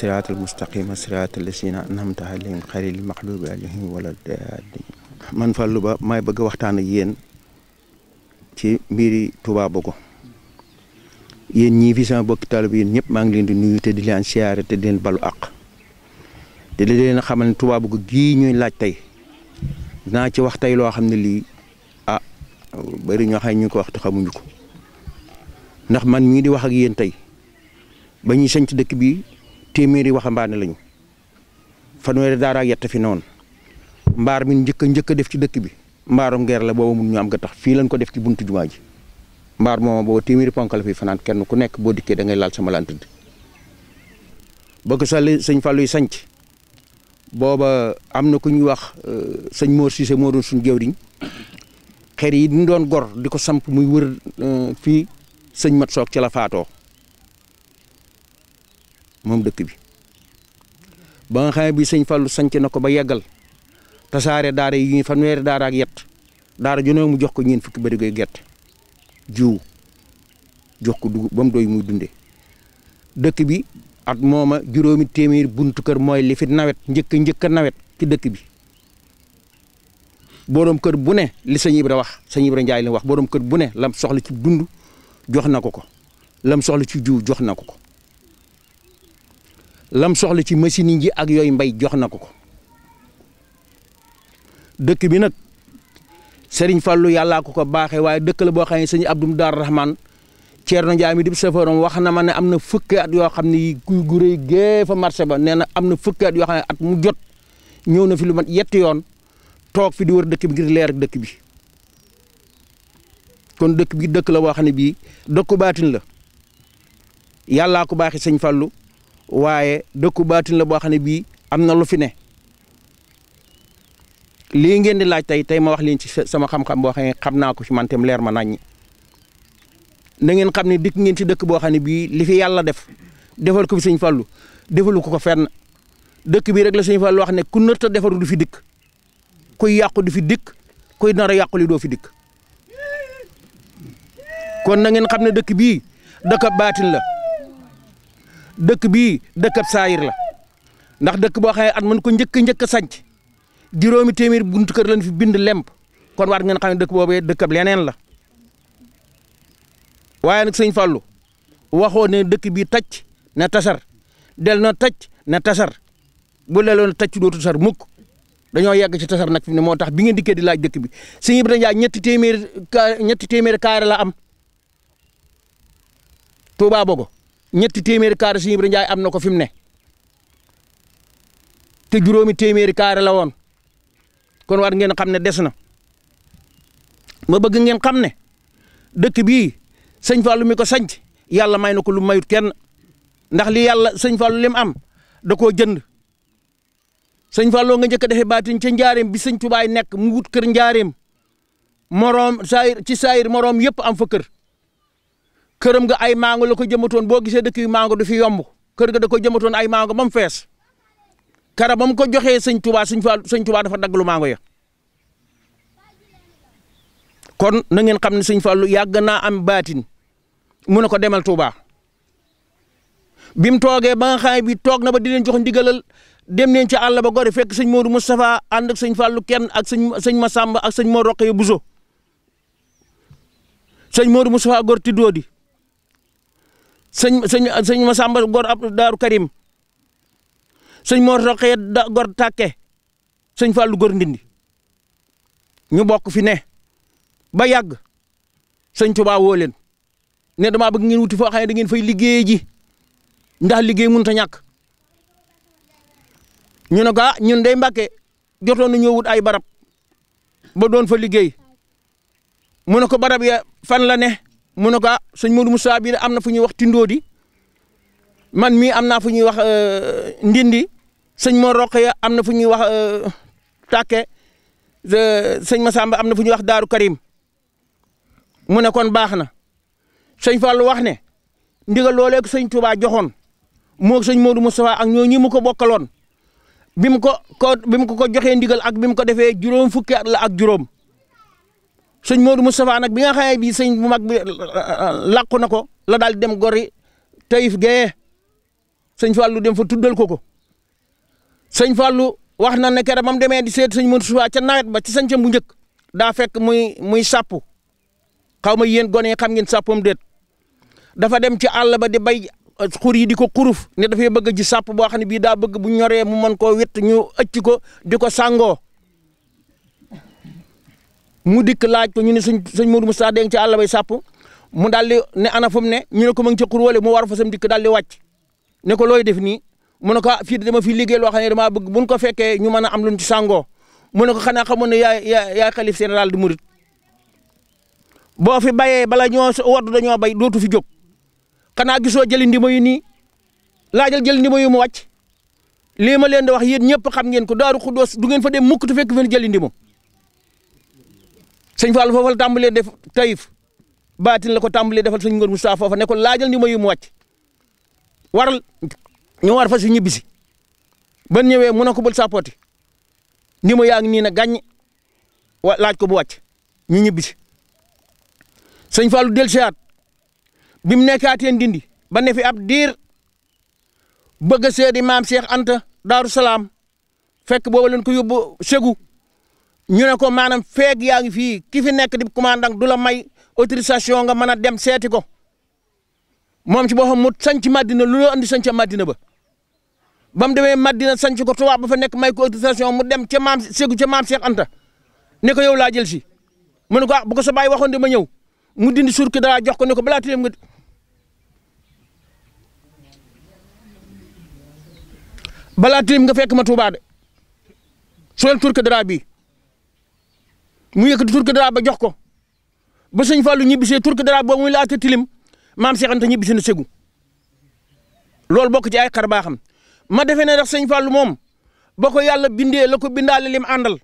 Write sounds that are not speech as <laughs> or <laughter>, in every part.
siraatal mustaqima siraatal lazina an'amta alayhim xayril maxluubi alayhim wala daalliin man Fallou Ba may bëgg waxtaan ak yéen ci mbiri Touba Bogo yéen ñii fi sama bokki talib yéen ñëpp maa ngi leen di nuyu te di leen siyaare te di balu àq te di leen xamal ne Touba Bogo gii ñuy laaj tey naa ci wax tey loo xam ne lii ah bëri ñoo xam ko wax ko ndax man mii di wax ak yéen tey ba ñuy sanc dëkk bi téeméeri waxambaane lañu fanweeri daara ak fi noonu mbaar mi njëkk a njëkk def ci dëkk bi mbaarum geer la booba mun ñu am nga tax fii lañ ko def ci buntu jumaa ji mbaar mooma booba téeméeri ponkal la fanaan kenn ku nekk boo dikkee da ngay laal sama laan tëdd ba ko am na ku ñuy wax euh, sëñ Mor moo doon suñu yi ñu doon di ko samp muy wër euh, fii sëñ Mat Soog ci la faatoo moom dëkk bi ba nga xamee bi sëñ Fallou sanc na ko ba yeggal tasaare daara yi ñuy fanweeri daara ak yett daara ju ne mu jox ko ñeen fukki bërigoy gerte jiw jox ko dugub ba mu doy muy dunde dëkk bi at mooma juróomi téeméer bunt kër mooy li fi nawet njëkk njëkk nawet ci dëkk bi booroom kër bu ne li sëñ Ibra wax sëñ Ibra Njaay la wax borom kër bu ne lam soxla ci dund jox na ko ko lam soxla ci jiw jox na ko ko lam soxla ci machine yi ak yooyu mbay jox na ko ko dëkk bi nag Serigne Fallou yàllaa ko ko baaxe waaye dëkk la boo xam ne sëñ Abdou Dar Rahman Thierno Ndiaye mi di safaram wax na ma ne am na fukki at yoo xam ne kuy gu rëy gee fa marché ba nee na am na fukki at yoo xam ne at mu jot ñëw na fi lu mat yetti yoon toog fi di wër dëkk bi ngir leer dëkk bi kon dëkk bi dëkk la boo xam ne bii dëkku baatin la yàllaa ko baaxee sëñ Fallou. waaye dëkku baatin la boo xam ne bii am na lu fi ne lii ngeen di laaj tey tey ma wax leen ci sama xam-xam boo xam ne xam naa ko ci man tam leer ma naññi na ngeen xam ne dikk ngeen ci dëkk boo xam ne bii li fi yàlla def defal ko fi sëñ Fallu defalu ko ko fenn dëkk bii rek la sëñ Fallu wax ne ku nërta defar du fi dikk kuy yàqu du fi dikk kuy nar a yàqu li doo fi dikk kon na ngeen xam ne dëkk bii dëkk baatin la dëkk bii dëkkab saayir la ndax dëkk boo xam ne at mën ko njëkk njëkk a sanc juróomi téeméer buntu kër lañ fi bind lemp kon war ngeen xam ne dëkk boobee dëkkab leneen la waaye nag sëñ Fallou waxoo ne dëkk bii tacc na tasar del na tacc na tasar bu leloon tacc dootu tasar mukk dañoo yegg ci tasar nag fi ne moo tax bi ngeen dikkee di laaj dëkk bi sëñ Ibra Njaay ñetti téeméer ñetti téeméer kaare la am Touba Bogo ñetti téeméeri carré Sëñ Ibra Njaay am na ko fi mu ne te juróomi téeméeri carré la woon kon war ngeen xam ne des na ma bëgg ngeen xam ne dëkk bii sëñ Fallou mi ko sanc yàlla may na ko lu mayut kenn ndax li yàlla sëñ Fallou lim am da koo jënd sëñ Fallou nga njëkk a defee baatin ca njaareem bi sëñ Tubaay nekk mu wut kër njaareem moroom saayir ci saayir moroom yëpp am fa kër këram nga ay mango la ko jëmatoon boo gisee dëkk yu mango du fi yomb kër ga da ko jëmatoon ay mango ba mu fees kara ba ko joxee sëñ Tuubaa sëñ Faal sëñ dafa dagg lu mango ya kon na ngeen xam ne sëñ Faalu yàgg naa am baatin mu ne ko demal Tuubaa bi mu toogee ba nga bi toog na ba di leen jox ndigalal dem neen ci àll ba gori fekk sëñ Modou Moustapha ànd ak sëñ Fallou kenn ak sëñ ma Massamba ak sëñ Mor Roqe Bousso sëñ Modou Moustapha gor ti doodi sëñ sëñ sëñ Masamba gor ab Daaru Karim sëñ Mor Roqee gor Tàkke sëñ Fallou gor Ndindi ñu bokk fi ne ba yàgg sëñ Tuubaa woo leen ne damaa bëgg ngeen wuti foo xam ne da ngeen fay liggéey ji ndax liggéey mënut a ñàkk ñu ne ko ah ñun day Mbàkke jotoon na ñoo ay barab ba doon fa liggéey mu ne ko barab ya fan la ne. mu ne ko mu ah, sëñ Modou am na fu ñuy wax Tindodi man mii am naa fu ñuy wax euh, Ndindi sëñ Mor Roqeya am na fu ñuy wax euh, Takke sëñ Massamba am na fu ñuy wax Daaru Karim mu ne baax na sëñ Fallou wax ne ndigal loolee ko sëñ Touba joxoon moo sëñ Modou Moustapha ak ñoo ñi mu ko bokkaloon bi mu ko ko bi mu ko ko joxee ndigal ak bi mu ko defee juróom fukki at la ak juróom sëñ Modou Moustapha nag bi nga xamee bii sëñ mu mag bi làqu na ko la daal dem gori Taïf Guèye sëñ fallu dem fa tuddal ko ko sëñ Fallou wax na ne keroog ba mu demee di seet sëñ Moustapha ca nawet ba ci sàncam bu njëkk daa fekk muy muy sàpp xaw ma yéen gone yi xam ngeen sàppam déet dafa dem ci àll ba de bay uh, xur yi di ko xuruf ne dafay bëgg ji sàpp boo xam ne bii daa bëgg bu ñoree mu mën koo witt ñu ëcc ko di ko sàngoo. mu dikk laaj ko ñu ne suñ suñ Mourou Moussa dégg ci àll bay sàpp mu daal ne ana fa mu ne ñu ne ko ma ngi ci xurwale mu war fa sam dikk daal di wàcc ne ko looy def nii mu ne ko ah, fii dama fi liggéey loo xam ne damaa bëgg buñ ko fekkee ñu mën a am luñ ci sàngoo mu ne ko xanaa xamoon ne yaay yaay xalif général di murit boo fi bayee bala ñoo woddu dañoo bay dootu fi jóg xanaa gisoo jëli ndima yu nii laajal jëli ndima yu mu wàcc lii ma leen wax yéen ñëpp xam ngeen ko daaru xuddoos du ngeen fa dem mukk tu fekk fen jëli sëñ Fall foofa la tàmbalee def tayif baatin la ko tàmbalee defal sëñ Ngor Moustapha foofa ne ko laajal ni ma yu mu wàcc waral ñu war fa si ñibbi ban ñëwee mun ko bul sàppooti ni ma yaa ngi nii na laaj ko bu wàcc ñu ñibbi si sëñ Fallou del siaat bi mu nekkaatee ndindi ba ne fi ab diir bëgg seedi maam Cheikh Anta Daaru Salaam fekk booba leen ko yóbbu Ségou ñu ne ko maanaam feeg yaa ngi fii ki fi nekk di commandant du la may autorisation nga mën a dem seeti ko moom ci boppam mu sanc Madina lu loo andi sanc Madina ba ba mu demee Madina sanc ko tubaab ba fa nekk may ko autorisation mu dem ca maam Ségu ca maam Cheikh Anta ne ko yow laa jël si mu ne ko ah bu ko sa baay waxoon de ma ñëw mu dindi suur ki dara jox ko ne ko balaa tilim nga fekk ma Tuubaa de suul tur bi mu yëkkati turki dara ba jox ko ba sëñ Fallou ñibbisee turki dara boobu mu laata tilim maam Cheikh Anta ñibbisi na segu loolu bokk ci ay xar baaxam ma defee ne ndax sëñ Fallou moom ba ko yàlla bindee la ko bindaale lim àndal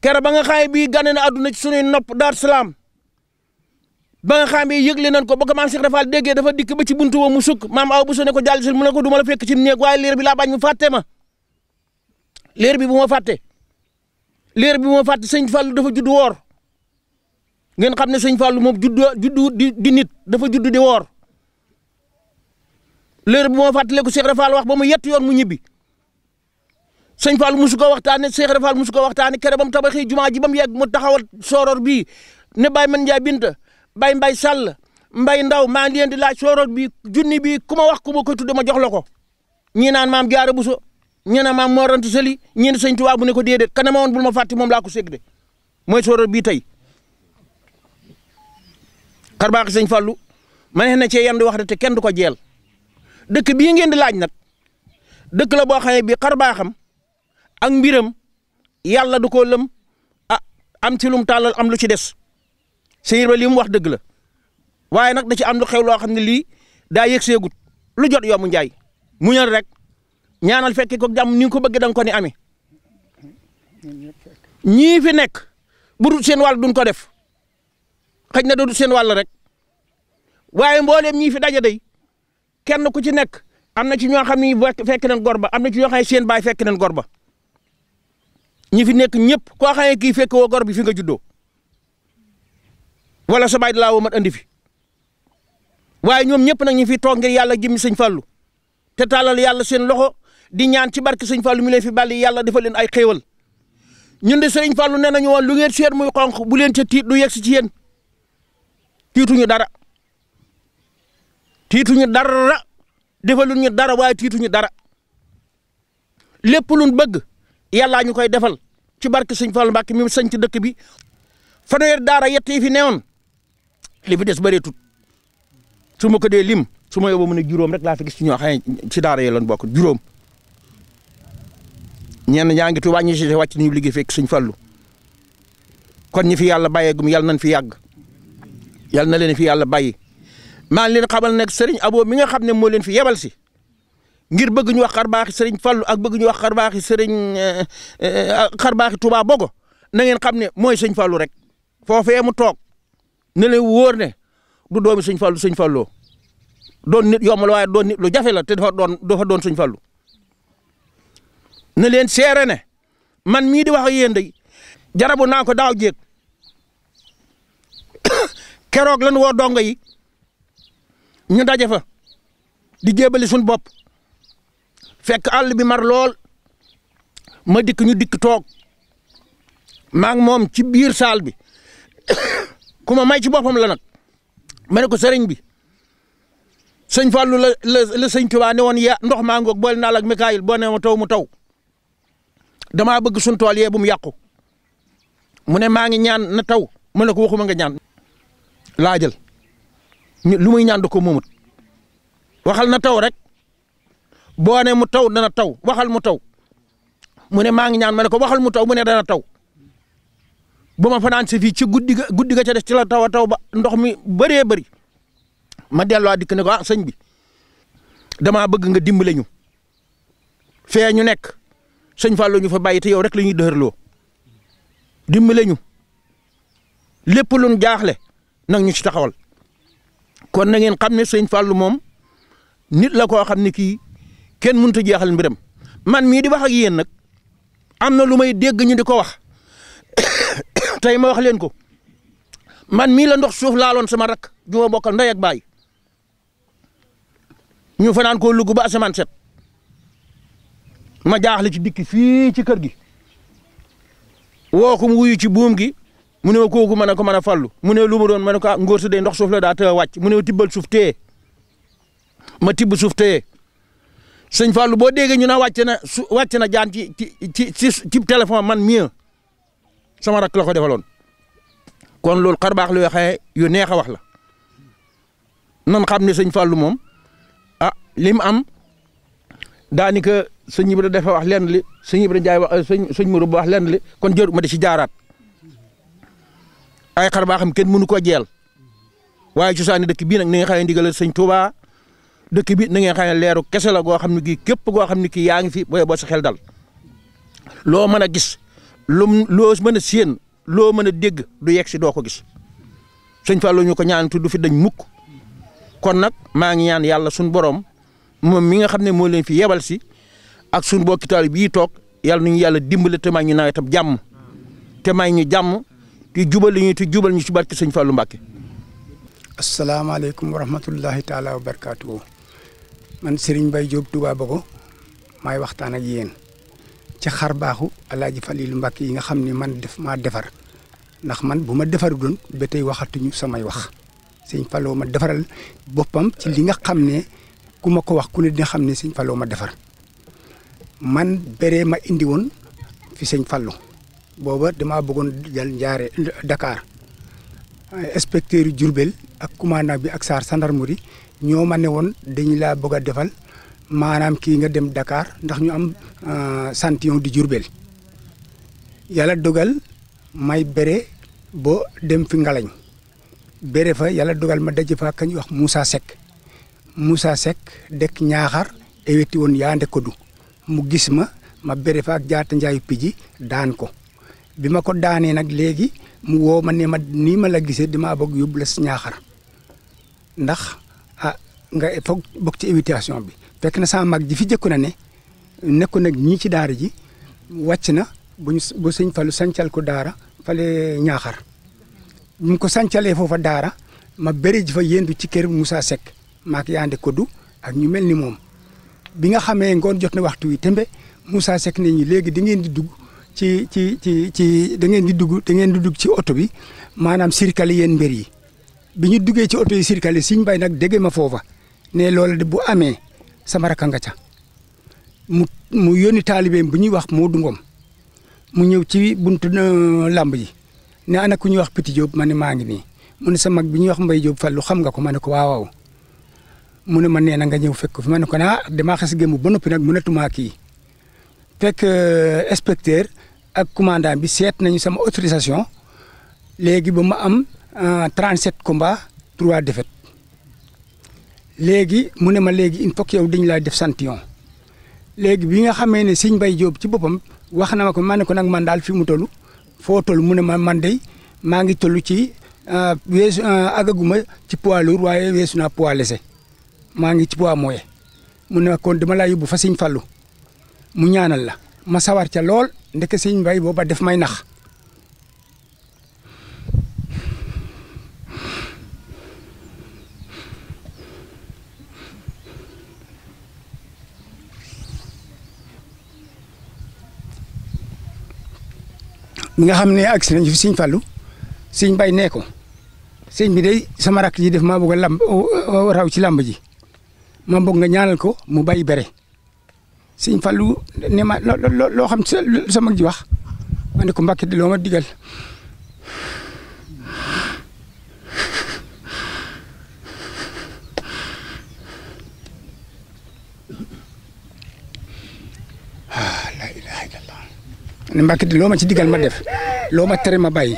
kere ba nga xaay bii gane na àdduna ci sunuy nopp Dar Salaam ba nga xam yëg yëgle nañ ko ba ko maam Cheikh Rafal déggee dafa dikk ba ci buntu ba mu sukk maam aw bu ne ko jàll si mu ne ko du ma la fekk ci néeg waaye leer mu fàtte ma leer bi bu ma fàtte leer bi moo fàtte sëñ Fallou dafa juddu woor ngeen xam ne sëñ Fallou moom judd juddu di di nit dafa judd di woor leer bi moo fàttaliku Cheikh Rafal wax ba mu yett yoon mu ñibbi sëñ Fallou musu ko waxtaanee Cheikh Rafal musu ko waxtaanee keroog ba mu tabaxee jumaa ji ba mu yegg mu taxawal sooror bii ne Baye Man Ndiaye Binta Baye Mbaye Sall mbay Ndaw maa ngi leen di laaj sooro bii junni bi ku ma wax ku ma ko tudde ma jox la ko ñii naan maam buso ñu ne maam Mor Anta Sali ñii ne sëñ bu ne ko déedéet kanama woon bul ma fàtte moom laa ko ségg de mooy sóoro bii tey xarbaaxi sëñ Fallou man na cee yan di wax de te kenn du ko jeel dëkk bii ngeen di laaj nag dëkk la boo xamee bi karbaaxam ak mbiram yàlla du ko lëm a ah, am ci lum tàllal am lu ci des sëñ ba li wax dëgg la waaye nag da ci am lu xew loo xam ne lii daa yëg seegut lu jot yomb njaay mu muñal rek. ñaanal fekk ko jàmm ni ko bëgg da nga ko ni amee ñii nekk bu seen wàll duñ ko def xëj na du seen wàll rek waaye mbooleem ñii fi daje day kenn ku ci nekk am na ci ñoo xam ne fekk nañ gor ba am na ci ñoo xam ne seen baay fekk nañ gor fi nekk ñépp koo xam ne kii fekk woo bi fi nga juddoo wala sa baay dalaa woo fi waaye ñoom ñëpp nag ñi fi toog ngir yàlla jëmmi sëñ Fallu te tàllal yàlla seen loxo di ñaan ci barke sëñ Fallou mi leen fi bàlli yàlla dafa leen ay xéewal ñun de sëriñ Fallou nee nañu woon lu ngeen seen muy xonq bu leen ca tiit du yegg si ci yéen tiituñu dara tiituñu dara defaluñu dara waaye tiituñu dara lépp luñ bëgg yàllaa ñu koy defal ci barke sëñ Fallou Mbacke mi sañ ci dëkk bi fanweer daara yett yi fi newoon li fi des bëreetut su ma ko dee lim su ma yóbbu mu ne juróom rek laa fi gis ci ñoo daara yi bokk juróom ñenn ñaa ngi Tuubaa ñi si wàcc nañu liggée fekk suñ fàllu kon ñi fi yàlla bàyyeegum yàlla nañ fi yàgg yàlla na leen fi yàlla bayi maa ngi leen xamal nag sëriñ Abo mi nga xam ne moo leen fi yebal si ngir bëgg ñu wax xar baaxi sëriñ Fallu ak bëgg ñu wax xar baaxi sëriñ eh, eh, xar baaxi Touba Bogo na ngeen xam ne mooy sëñ Fallu rek foofee mu toog ne leen ne du doomi sëñ Fallu sëñ Falloo nit yomb la waaye doon nit lu jafe dafa doon dafa doon sëñ Fallu na leen seere ne man mii di wax a yéen day jarabu naa ko daaw jéeg <coughs> keroog lan woo dongo yi ñu daje fa di jébali suñu bopp fekk àll bi mar lool ma dikk ñu dikk toog maa moom ci biir saal bi <coughs> ku ma may ci boppam la nag ma ne ko sëriñ bi sëñ Fallou la la la sëñ Tuubaa ne woon ya ndox maa ngoog boole naa la ak Mikaayil boo nee ma taw mu taw damaa bëgg suñ tool yee bu mu yàqu mu ne maa ngi ñaan na taw ma ne ko waxuma nga ñaan laajal lu muy ñaan da ko moomut waxal na taw rek boo ne mu taw dana taw waxal mu taw mu ne maa ngi ñaan ma ne ko waxal mu taw mu ne dana taw bu ma fanaan si fii ci guddi ga guddi ga ca des ci la taw a taw ba ndox mi bëree bëri ma delluwaat dikk ne ko ah sëñ bi damaa bëgg nga dimbale ñu fee ñu nekk sëñ Fallou ñu fa bàyyi te yow rek la ñuy dëhërloo dimbale ñu lépp luñ jaaxle nag ñu ci taxawal kon na ngeen xam ne sëñ Fallou moom nit la koo xam ne kii kenn mënut jeexal mbiram man mii di wax ak yéen nag am na lu may dégg ñu di ko wax <coughs> tey ma wax leen ko man mii la ndox suuf laaloon sama rak ju ma bokkal ndey baay ñu fanaan ko lugg ba asamaan set ma jaaxle ci dikk fii ci kër gi woo ko mu wuyu ci buum gi mu ne ma ku mën a ko mën a fallu mu ne lu ma doon ma ne ko ah, ngóor dee ndox suuf la daa tëra wàcc mu ne tibbal suuf téye ma tibb suuf téye sëñ Fallou boo déggee ñu ne wàcc na su wàcc na jaan ci ci ci ci man mii sama rakk la ko defaloon kon loolu xar baax lu waxee yu neex a wax la nan xam ne sëñ Fallou moom ah lim am daanaka sëñ Ibra dafa wax lenn li sëñ Ibra Njaay wax sëñ sëñ Mourou ba wax lenn li kon jëru ma di ci jaaraat ay xar baa xam kenn mënu ko jeel waaye cosaani dëkk bii nag ni nga xam ne ndigalal sëñ Touba dëkk bi na ngeen xam ne leeru kese la goo xam ne kii képp goo xam ne kii yaa ngi fi booy boo sa xel dal loo mën a gis lum loo mën a séen loo mën a dégg du yegg si doo ko gis sëñ Fallou ñu ko ñaan tu du fi dañ mukk kon nag maa ngi ñaan yàlla suñu borom moom mi nga xam ne moo leen fi yebal si ak suñu mbokki taalib yi toog yàlla nañu yàlla dimbale te may ñu nawetam jàmm te may ñu jàmm te jubal ñu te jubal ñu si barke sëñ Fallou Mbacke. asalaamaaleykum wa rahmatullahi taala wa barakaatu. man Serigne Mbaye Diop Touba yéen ci xar baaxu El Hadj yi nga xam ne man def maa defar ndax man bu ma defar ba tey waxatuñu samay wax sëñ Fallou ma defaral boppam ci li nga xam ne ku ma ko wax ku di nga xam ne sëñ Fallou ma defar. man béré ma indi woon fi sëñ Fallou booba damaa bëggoon jal njaare dakaar inspecteur yu Diourbel ak commandant bi ak SAR gendarmerie ñoo ma ne woon laa bëgg a defal maanaam kii nga dem dakaar ndax ñu am euh, sanction di Diourbel yàlla dogal may béré boo dem fi ngalañ béré fa yalla dogal ma daje fa kañ wax Moussa Seck Moussa Seck dëkk Ñaaxar eweti woon yaa ndek du mu gis ma ma béré fa ak jaata njaayu piji daan ko bi ma ko daanee nag léegi mu woo ma ne ma nii ma la gisee di damaa bëgg yóbbu la si ñaaxar ndax a ah, nga foog bokk ci invitation bi fekk na sama mag ji fi jëkku na ne nekku nag ñii ci daara ji wàcc na bu ñu bu sëñ sancal ko daara fale ñaaxar mu ko sancalee foofa daara ma béré ji fa yéendu ci kër Moussa Seck maak yaande koddu ak ñu mel ni moom bi nga xamee ngoon jot na waxtu wi tembe Moussa Seck ne ñu léegi da ngeen di dugg ci ci ci ci da di dugg da ngeen di dugg ci oto bi maanaam circale yéen mbir yi bi ñu duggee ci oto yi circale Serigne mbay nag dégg ma foofa ne loolu de bu amee sama rakk ca mu mu yónni taalibeem bu ñuy wax Modou Ngom mu ñëw ci buntu euh, lamb yi ne ana ku ñu wax piti Diop ma ne maa ngi nii mu ne sa mag bi ñuy wax Mbaye Diop Fallou xam nga ko ma ne ko waaw mu ne man nee na nga ñëw fekk fi ma ne ko a ah damaa xas gémm ba noppi nag mënatumaa kii fekk euh, inspecteur ak commandant bi seet nañu sama autorisation léegi ba ma am 37 euh, combats 3 défaites léegi mu ne ma léegi il dañu laa def sanction léegi bi nga xamee ne Sëñ Bay Jóob ci boppam wax na ma ko ma ne ko nag man daal fi mu toll foo toll mu ne ma man de maa ngi toll ci euh, weesu àggaguma ci poids lourd waaye weesu naa poids léger maa ngi ci poids moyen mu ne kon dama laa yóbbu fa sëñ fallu mu ñaanal la ma sawar ca lool ndeke sëñ Mbaye booba def may nax mi nga xam ne agsi nañ fi sëñ Fallou sëñ Mbaye nee ko sëñ bi day sama rakk ji def ma bëgg lamb raw ci lamb ji ma bëgg nga ñaanal ko mu bay bere sëñ falu ne ma loo loo xam sama sa mag wax ne ko Mbàkke di loo ma digal ah, ne Mbàkke di loo ma ci digal ma def loo ma tere ma bàyyi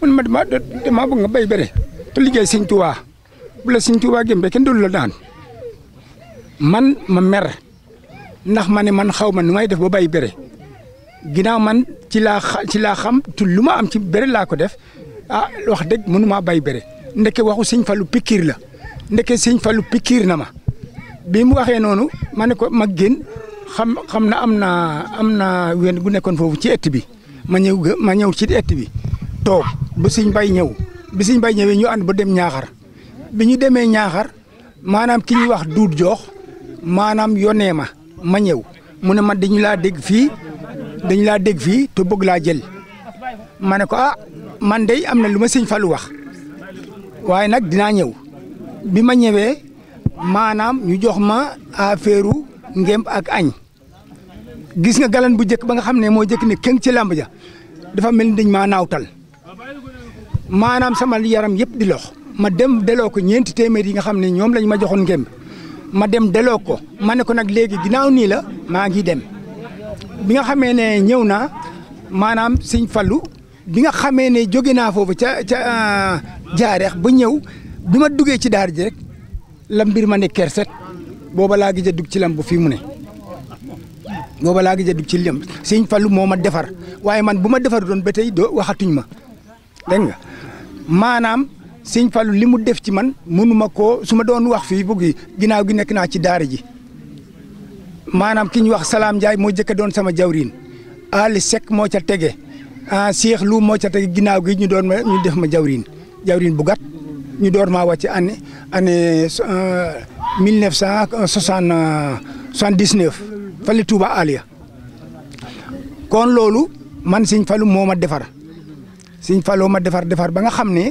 ma damaa nga bay bere te liggéey sëñ Tuubaa bu la sëñ Tuubaa gémbe kenn doolu la daan man ma mer ndax ma ne man xaw ma nu may def ba bay bere ginnaaw man ci laa ci laa xam tu lu ma am ci bere laa ko def ah wax dëgg mënu bay bere ndeke waxu sëñ Fallou pikiir la ndeke siñ falu pikiir na ma bi mu waxee noonu ma ne ko mag génn xam xam na am naa am na wenn gu nekkoon foofu ci ett bi ma ñëw ma ñëw ci ett bi toog bu sëñ bay ñëw bi sëñ bay ñëwee ñu ànd ba dem ñaaxar bi ñu demee ñaaxar maanaam ki ñuy wax duut joox maanaam yónnee ma ma ñëw mu ne ma dañu laa dégg fii dañu laa dégg fii te bëgg laa jël ma ne ko ah man day am na lu ma sëñ Fallou wax waaye nag dinaa ñëw bi ma ñëwee maanaam ñu jox ma affaire ngémb ak añ gis nga galan bu njëkk ba nga xam ne moo njëkk ne kenn ci làmb ja dafa mel ni dañ maa naawtal maanaam sama yaram yëpp di lox ma dem deloo ko ñeenti téeméer yi nga xam ne ñoom lañ ma joxoon ngémb ma dem deloo ko ma ne ko nag léegi ginnaaw nii la maa ngi dem bi nga xamee ne ñëw naa maanaam sëñ Fallu bi nga xamee ne jóge naa foofu ca ca euh, jaareex ba ñëw bi ma duggee ci daar ji rek la mbir ma ne kerset booba laa gi a dugg ci lam bu fii mu ne booba laa gi a dug ci lam sëñ Fallu moo ma defar waaye man bu ma defar doon ba tey doo waxatuñ ma dégg nga maanaam sëñ Fallou li mu def ci man mënuma koo su ma doon wax fii bugg ginnaaw gi nekk naa ci daar ji maanaam ki ñu wax Salaam Ndiaye moo jëkk doon sama jawriin Ali Seck moo ca tege ah Cheikh Lou moo ca tege ginnaaw gi ñu doon ma ñu def ma jawriin jawriin bu gàtt ñu door maa wàcc année année euh, mille neuf cent soixante-dix-neuf fali Touba kon loolu man sëñ falu moo ma defar. Sëñ Fallou ma defar defar ba nga xam ne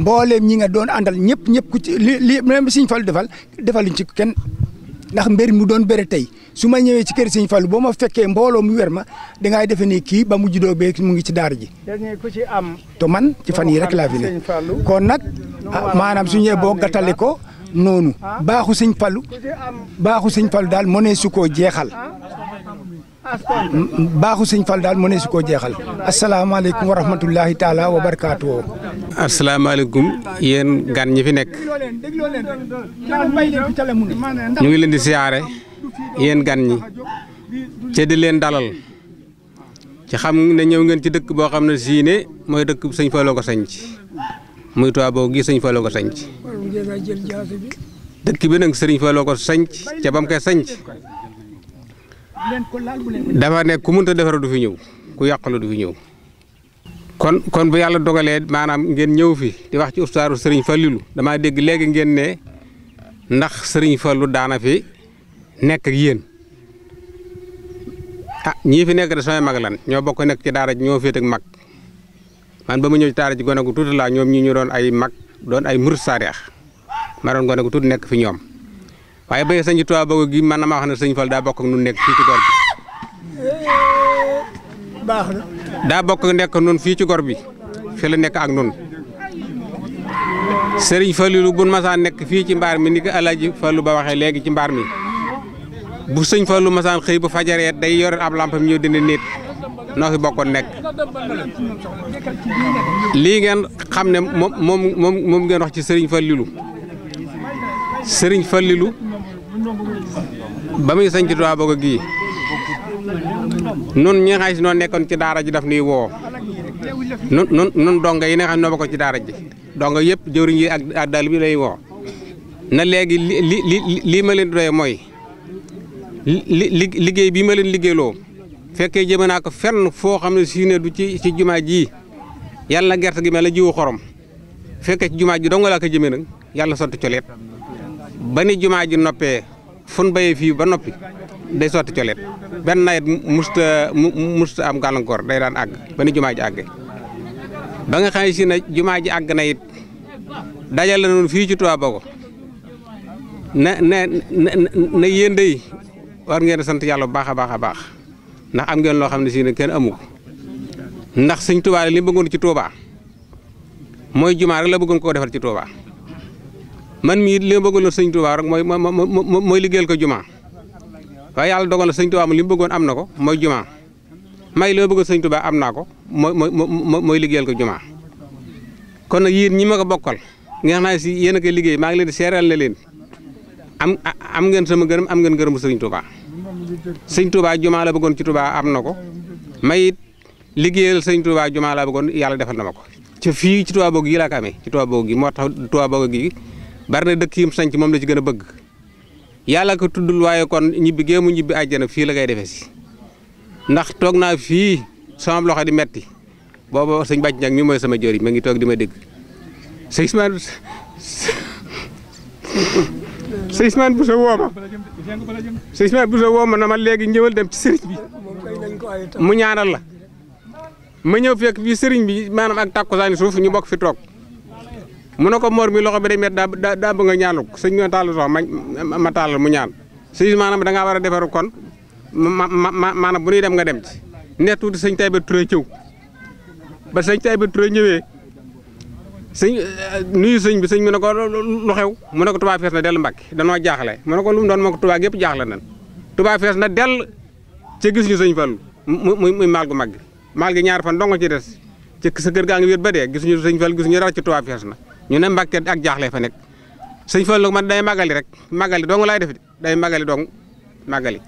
mbooleem ñi nga doon àndal ñëpp ñëpp ku ci li li même Sëñ Fallou defal defaluñ ci kenn ndax mbir mu doon bëre tey su ma ñëwee ci kër Sëñ Fallou boo ma fekkee mbooloo mu wer ma dangaay defe ni kii ba mu doo bee mu ngi ci daara ji. ku am. te man ci fan yi rek laa fi ne kon nag ah, maanaam su ñëwee boo gattale ko noonu ah? baaxu Sëñ falu baaxu Sëñ Fallou daal ne su koo jeexal. Ah? baaxu sëñ Fall daal mënee si koo jeexal asalaamaaleykum wa rahmatullahi taala wa barakaatu woo. asalaamaaleykum yéen gan ñi fi nekk ñu ngi leen di siyaare yéen gan ñi ci di leen dalal ci xam ne ñëw ngeen ci dëkk boo xam ne sii mooy dëkk sëñ Fallou ko sañc muy Touba boobu gi sëñ Fallou ko sañc dëkk bi nag sëriñ Fallou ko sañc ca bam koy sañc dafa nekk ku mënta defara du fi ñëw ku yàqalu du fi ñëw kon kon bu yàlla dogalee maanaam ngeen ñëw fi di wax ci ustaaru sëriñ Fallilu damaa dégg léegi ngeen ne ndax sëriñ Fallu daana fi nekk yéen ah ñii fi nekk de samay mag lan ñoo bokk nekk ci daara ji ñoo féet mag man ba mu ñëw ci daara ji gone gu tuuti laa ñoom ñi ñu doon ay mag doon ay mur sareex ma doon gone gu tuuti nekk fi ñoom waaye ba sëñ Tuubaa bëgg gi man na maa na ne sëñ Fall daa bokk ak nun nekk fii ci gor daa bokk nekk nun fii ci gor bi fi la nekk ak nun sëriñ Fallilu bu masaan nekk fii ci mbaar mi ni ko Alaaji Fallu ba waxee léegi ci mbaar mi bu sëñ Fallu masaan xëy bu fajaree day yore ab lampam ñëw dina néet noo fi bokkoon nekk lii ngeen xam ne moom moom moom ngeen wax ci sëriñ Fallilu sëriñ Fallilu ba muy sëñ ci Tuubaa gii nun ñi si noo nekkoon ci daara ji daf nuy woo nun nun nun donga yi nga xam noo ko ci daara ji donga yëpp jëwriñ yi ak ak bi lay woo na léegi li li lii ma leen doy mooy li liggéey bii ma leen liggéeyloo fekkee jëme naa ko fenn foo xam ne si du ci ci jumaa ji yàlla na gerte gi mel na jiwu xorom fekkee ci jumaa ji dong laa ko jëme nag yàlla sant coleet ba ni jumaa ji noppee fun bayee fii ba noppi day sotti coleet benn nawet musta musta am gàllankoor day daan àgg ba ni jumaa ji àggee ba nga xam si ne jumaa ji àgg na it dajale noonu fii ci Touba Bogo na na na yéen day war ngeen sant yàlla bu baax a baax a baax ndax am ngeen loo xam ne si ne kenn amu ko ndax Sëñ Touba li mu bëggoon ci Touba mooy jumaa rek la bëggoon koo defal ci Touba. man mii li ma bëggoon sëñ Tuubaa rek mooy mooy liggéeyal ko jumaa waaye yàlla dogal na sëñ Tuubaa li mu bëggoon am na ko mooy jumaa may li ma bëggoon sëñ Tuubaa am naa ko mooy mooy mooy liggéeyal ko jumaa kon nag yéen ñi ma ko bokkal nga xam ne si yéen a liggéey maa ngi leen di seeral na leen am ngeen sama gërëm am ngeen gërëmu sëñ Tuubaa sëñ Tuubaa jumaa la bëggoon ci Tuubaa am na ko may liggéeyal sëñ Tuubaa jumaa la bëggoon yàlla defal na ma ko ci fii ci Tuubaa boog yi laa ci Tuubaa boog gi moo tax Tuubaa boog bari na dëkk yim sanc moom la ci gën a bëgg yàlla ko tuddul waaye kon ñibbi géemu ñibbi àjjana fii la koy defee si ndax toog naa fii sama loxo di metti booba sëñ bàcc ñag mi mooy sama jëriñ ma ngi toog di ma dégg sëñ Ismaane <laughs> sëñ Ismaane Bousso woo ma na ma léegi ñëwal dem ci sëriñ bi mu ñaanal la ma ñëw fekk fii sëriñ bi maanaam ak takkusaani suuf ñu bokk fi toog mu ne ko moor mi loxo ba day met daa daa bëgg nga ñaanal ko sëñ bi nga tàllal sox ma ma mu ñaan sëñ maanaam bi ngaa war a defaru kon ma ma maanaam bu nuy dem nga dem ci ne tuuti sëñ Taïba Touré cëw ba sëñ Taïba Touré ñëwee sëñ euh, nuyu sëñ bi sëñ mu ne ko lu xew mu ne ko Touba fees na dell Mbàkke danoo jaaxle mu ne ko lu mu doon moo ko Touba yëpp jaaxle nan Touba fees na dell ca gis ñu sëñ Fallu muy muy maal gu mag gi maal gi ñaar fan dong ci des ci sa kër gaa ngi wéet ba dee gis ñu sëñ Fallu gis ñu dara ci Touba fees na ñu ne Mbàkke ak jaaxle fa nekk sëñ Fallu man day magali rek màggali dong laay def day màggali dong màggali.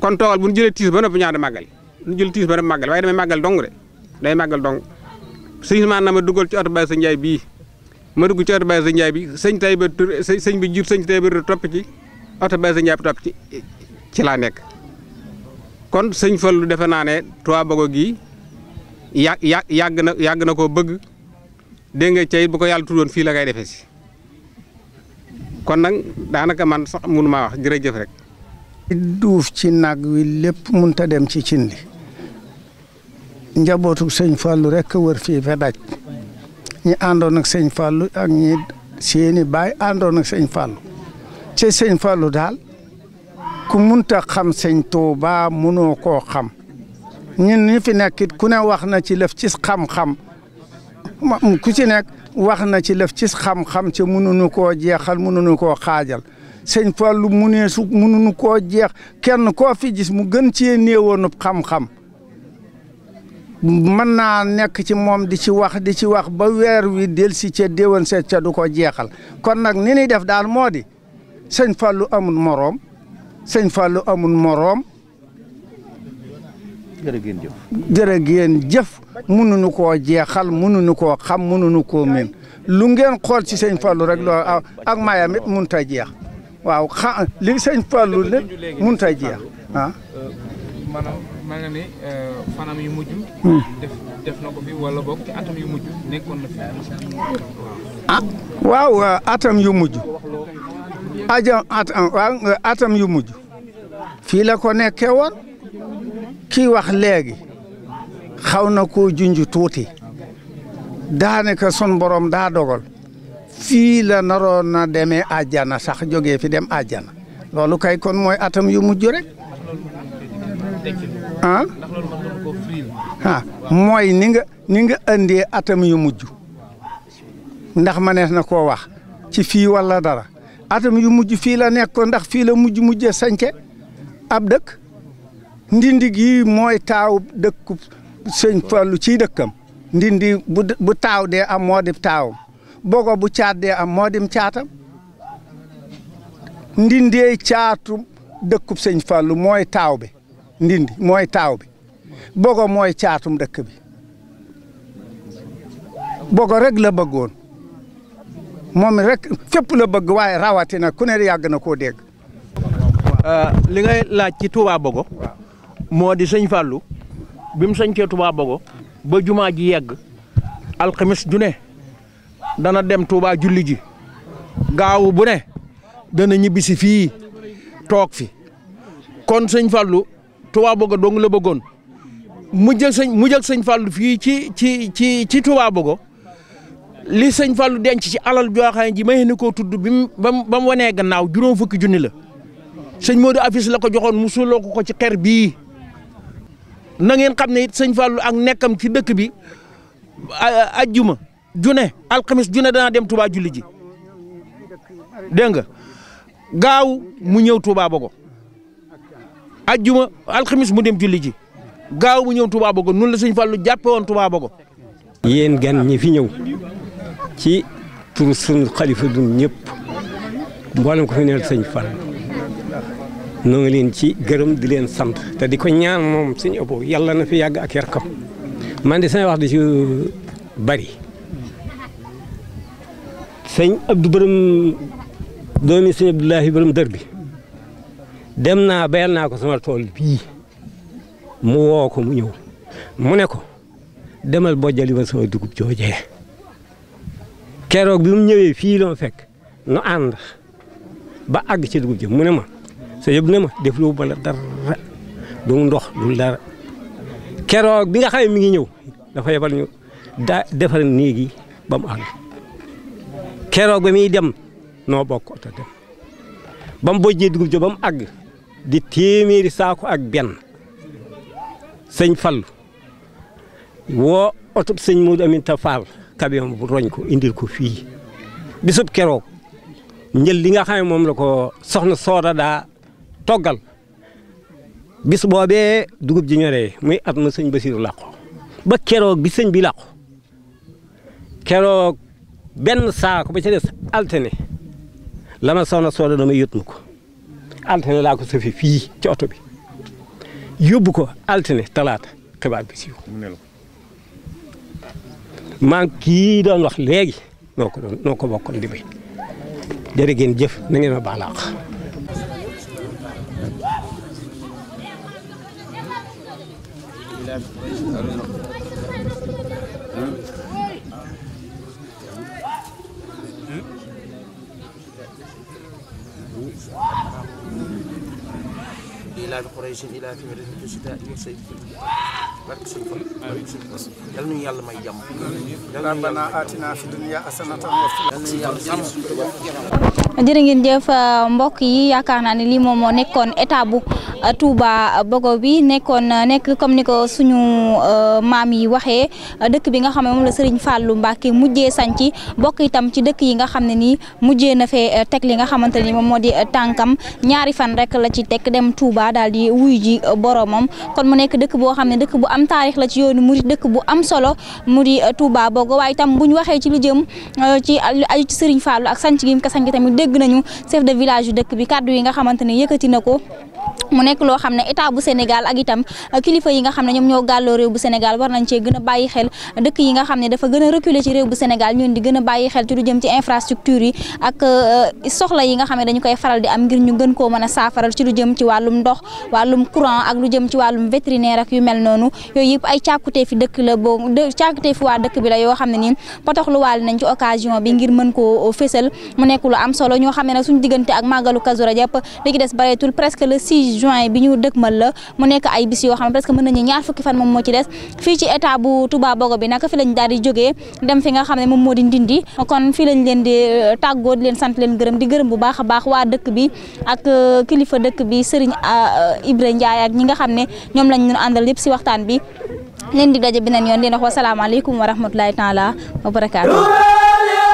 kon toogal bu ñu jëlee tiis ba noppi ñaar di màggali bu ñu jëlee tiis ba noppi màggali waaye damay màggal dong de day màggal dong sëñ Usmaan na ma dugal ci oto Baye Sëñ bii ma dugg ci oto bi sëñ tay ba sëñ bi jur sëñ tay ba topp ci oto Baye Sëñ Njaay bi ci laa nekk kon sëñ Fallu defe naa ne Tuubaa Bogo gii yàgg yàgg na yàgg na koo bëgg dégg nga ca it bu ko yàlla tuddoon fii la koy defee si kon nag daanaka man sax mënu maa wax jërëjëf rek. duuf ci nag wi lépp mënut dem ci cin li njabootu sëñ Fallou rek wër fii fe daj ñi àndoon ak sëñ Fallou ak ñi seeni baay àndoon ak sëñ Fallou ci sëñ Fallou daal ku munta xam sëñ Touba munoo koo xam ñun ñi fi nekkit ku ne wax na ci lëf ci xam-xam ku ci nekk wax na ci lëf ci xam-xam ci mënuñu ko jeexal mënuñu koo xaajal sëñ Fallu muneesu nee ko jeex kenn koo fi gis mu gën cee néewoonub xam-xam mën naa nekk ci moom di ci wax di ci wax ba weer wi del si ca déwan seet ca du ko jeexal kon nag ni ñuy def daal moo di sëñ Fallu amul moroom sëñ Fallu amul moroom jërë ngeen jëf. jërë ngeen jëf mënuñu koo jeexal mënuñu koo xam mënuñu koo mën lu ngeen xool ci sëñ Fallou rek loolu ah, ak maayam it mënut jeex waaw xa li sëñ Fallou la mënut a jeex ah. Euh, maanaam euh, yu mujj. Hmm. yu mujj ah, waaw euh, atam yu mujj. aja atam yu mujj. fii ko nekkee woon. kii wax léegi xaw na koo junj tuuti daanaka sun borom daa dogal fii la naroon na deme àjjana sax jógee fi dem àjjana loolu kay kon mooy atam yu mujj rek ah ah mooy ni nga ni nga andee atam yu mujj ndax manees na ko wax ci fii walla dara atam yu mujj fii la nekkoon ndax fii la mujj mujj sañce ab dëkk ndindi gi mooy taaw dëkku sëñ Fallu ci dëkkam ndindi bu taaw dee am moo di taawam bogo bu caat dee am moo dim caatam ndindee caatu dëkkub sëñ Fallu mooy taaw bi ndindi mooy taaw bi bogo mooy caatum dëkk bi bogo rek la bëggoon moom rek fépp la bëgg waaye rawatina ku ne yàgg na koo dégg. Euh, li ngay laaj ci Touba Bogo. moo di sëñ Fallou bi mu sañcee Touba Bogo ba jumaa ji yegg alxames ju dana dem Touba julli ji gaawu bu dana ñibbisi fii toog fi kon sëñ Fallou Touba Bogo dong la bëggoon mu jël sëñ mu sëñ Fallou fii ci ci ci ci Touba Bogo li sëñ Fallou denc ci alal joo xam ne ji may koo tudd bi mu ba mu ba mu wanee gannaaw juróom fukki junni la sëñ Modou Afis la ko joxoon musulooku ko ko ci xer bii. na ngeen xam ne it sëñ Fallou ak nekkam ci dëkk bi ajuma june alxemes june danaa dem Touba julli ji nga gaaw mu ñëw Touba Bogo ajjuma alxamis mu dem julli gaaw mu ñëw Touba Bogo noonu la sëñ Fallou jàppe woon Touba Bogo yéen gan ñi fi ñëw ci pour sunu xalifa dun ñëpp mboolem ko fi neel sëñ Fallou noo leen ci gërëm di leen sant te di ko ñaan moom suñu ëpp yàlla na fi yàgg ak yarkam man di sama wax di ci bari sëñ Abdou Bërëm doomi sëñ Abdoulahi Bërëm dër bi dem naa bayal naa ko sama tool bii mu woo ko mu ñëw mu ne ko demal bojjali ba sama dugub joojee keroog bi mu ñëwee fii loo fekk nu ànd ba àgg ci dugub ji mu ne ma sa yëpp ne ma def lu ma la dara du ndox du dara keroog bi nga xam mi ngi ñëw dafa yebal ñu daa defar néeg ba mu àgg keroog ba muy dem noo bokk oto dem ba mu bojjee dugub jo ba mu àgg di téeméeri saako ak benn sëñ Fallu woo oto mu Modou Aminta Fall camion bu roñ ko indil ko fii bisub keroog njël li nga moom la ko soxna Sooda daa toggal bis boobee dugub ji ñoree muy at ma sëñ Basiiru làqu ba keroog bi sëñ bi làqu keroog benn saako ba ca des altine la ma soxna sooda dama yët ko altine laa ko sëfi fii ci oto bi yóbbu ko altine talaata xibaar bi siiw maa kii doon wax léegi noo ko doon noo ko bokkoon di bay jërë ngeen jëf na ngeen ma baalaax إلى قريش إلى ثمرة الشتاء والصيف barke suñu fan jëf uh, mbokk yi yaakaar naa ne lii moom moo nekkoon état bu uh, tuuba Bogo bi nekkoon uh, nekk comme ni ko suñu maam yi waxee dëkk bi nga xam ne moom la Serigne Fallou Mbacke mujjee sanci bokk itam ci dëkk yi nga xam ne nii mujjee na fee teg li nga xamante ni moom moo di tànkam ñaari fan rek la ci teg dem tuuba daal di wuyu ji boromam kon mu nekk dëkk boo xam ne dëkk bu am taarix la ci yoonu mu di dëkk bu am solo mu di euh, Touba Bogo waaye itam bu ñu waxee ci lu jëm euh, ci aju ci Serigne Fallou ak sanc gi mu ko sanc tamit dégg nañu chef de village yu dëkk bi kaddu yi nga xamante ne yëkkati na ko mu nekk loo xam ne état bu Sénégal ak itam euh, kilifa yi nga xam ne ñoom ñoo gàlloo réew bu Sénégal war nañ cee gën bàyyi xel dëkk yi nga xam ne dafa gën a ci réew bu Sénégal ñun di gën a bàyyi xel ci lu jëm ci infrastructure yi ak soxla yi nga xam ne dañu koy faral di am ngir ñu gën koo mën a saafaral ci lu jëm ci wàllum ndox wàllum courant ak lu jëm ci wàllum vétérinaire ak yu mel noonu yooyu yëpp ay càkkutee fi dëkk la boo càkkutee fi waa dëkk bi la yoo xam ne nii potoxluwaale nañ ci occasion bi ngir mën koo fésal mu nekk lu am solo ñoo xam ne nag suñu diggante ak màggalu Kazu Rajab li ci des bareetul presque ñu dëkkmal la mu nekk ay bis yoo xam ne presque mën nañu ñaar fukki di jógee dem fi nga ne moom moo di ndindi kon fii lañ leen di euh, tàggoo di leen sant leen gërëm di gërëm bu baax a baax waa dëkk bi ak euh, kilifa dëkk bi Serigne euh, Ibra Ndiaye ak ñi nga xam ne ñoom lañ ñu àndal yëpp si waxtaan bi bi leen dig daje beneen yoon dina wax wasalaamaaleykum wa rahmatulahi taala wa barakaatu